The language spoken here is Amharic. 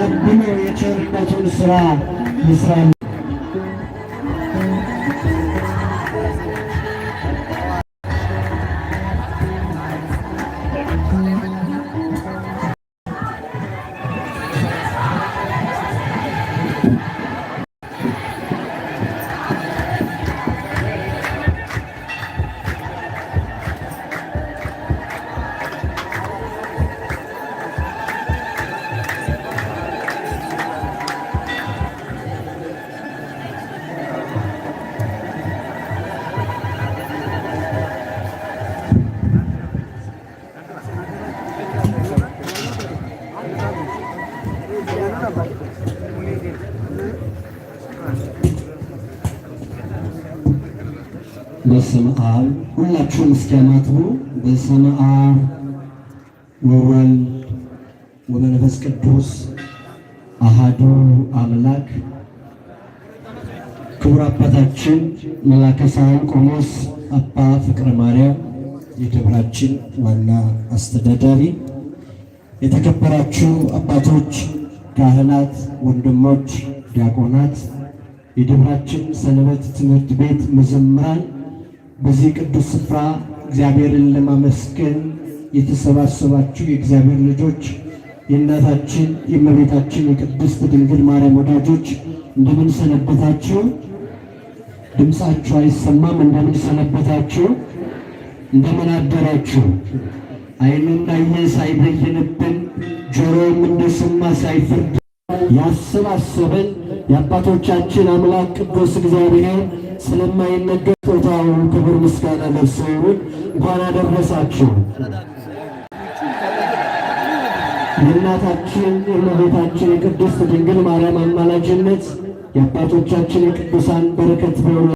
ደግሞ የቸርነቱን ስራ ይስራል። በስመ አብ ሁላችሁም እስኪያማትቡ በስመ አብ ወወልድ ወመንፈስ ቅዱስ አሃዱ አምላክ ክቡር አባታችን መላከ ሰላም ቆሞስ አባ ፍቅረ ማርያም የደብራችን ዋና አስተዳዳሪ የተከበራችሁ አባቶች ካህናት፣ ወንድሞች፣ ዲያቆናት፣ የደብራችን ሰንበት ትምህርት ቤት መዘምራን በዚህ ቅዱስ ስፍራ እግዚአብሔርን ለማመስገን የተሰባሰባችሁ የእግዚአብሔር ልጆች የእናታችን የእመቤታችን የቅድስት ድንግል ማርያም ወዳጆች እንደምን ሰነበታችሁ? ድምፃችሁ አይሰማም። እንደምን ሰነበታችሁ? እንደምን አደራችሁ? ዓይን እንዳየ ሳይበይንብን ጆሮም እንደሰማ ሳይፈርድ ያሰባሰበን የአባቶቻችን አምላክ ቅዱስ እግዚአብሔር ስለማይነገር ስጦታው ክብር ምስጋና ለእርሱ ይሁን። እንኳን አደረሳችሁ። የእናታችን የእመቤታችን የቅድስት ድንግል ማርያም አማላጅነት የአባቶቻችን የቅዱሳን በረከት በሆነ